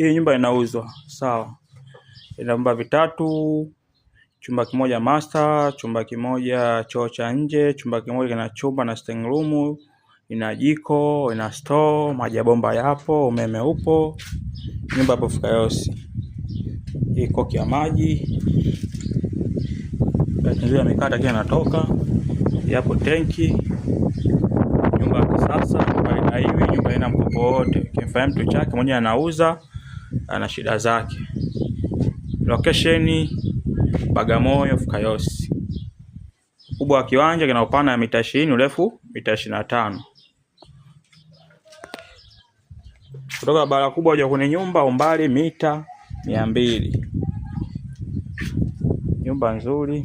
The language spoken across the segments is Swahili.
Hii nyumba inauzwa sawa, ina vyumba vitatu, chumba kimoja master, chumba kimoja choo cha nje, chumba kimoja kina chumba na sitting room, ina jiko, ina store, maji ya bomba yapo, umeme upo, nyumba hapo Fukayosi. Hii koki ya maji nzuri mikata kia anatoka, yapo tenki, nyumba ya kisasa, nyumba ina hivi, nyumba ina mkopo wote, kimfahamu tu chake mwenye anauza ana shida zake. Location Bagamoyo Fukayosi. Ukubwa wa kiwanja kina upana ya mita ishirini, urefu mita 25. na tano. Kutoka bara kubwa hadi kwenye nyumba umbali mita mia mbili. Nyumba nzuri.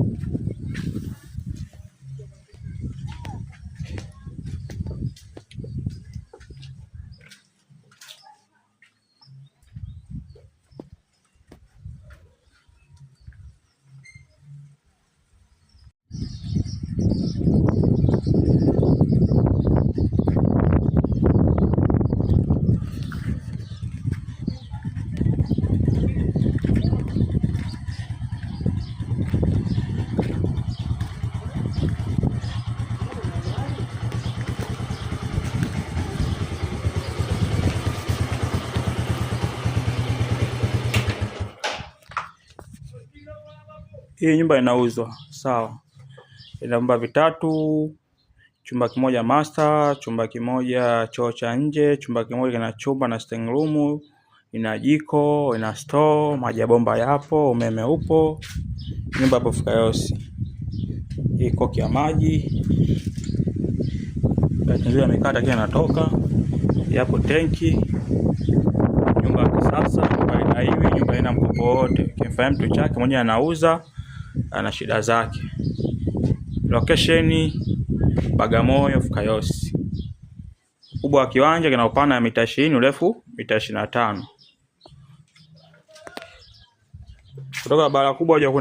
Hii nyumba inauzwa sawa, ina vyumba vitatu, chumba kimoja master, chumba kimoja choo cha nje, chumba kimoja kina chumba na sitting room, ina jiko, ina store, maji ya bomba yapo, umeme upo, nyumba hapo Fukayosi. Hii koki ya maji ya mikata kia natoka, yapo tenki, nyumba ya kisasa, nyumba ina hivi, nyumba ina mkopo wote, kimfanya mtu chake mwenyewe anauza ana shida zake. Location Bagamoyo Fukayosi. Ukubwa wa kiwanja kina upana ya mita ishirini, urefu mita ishirini na tano kutoka barabara kubwa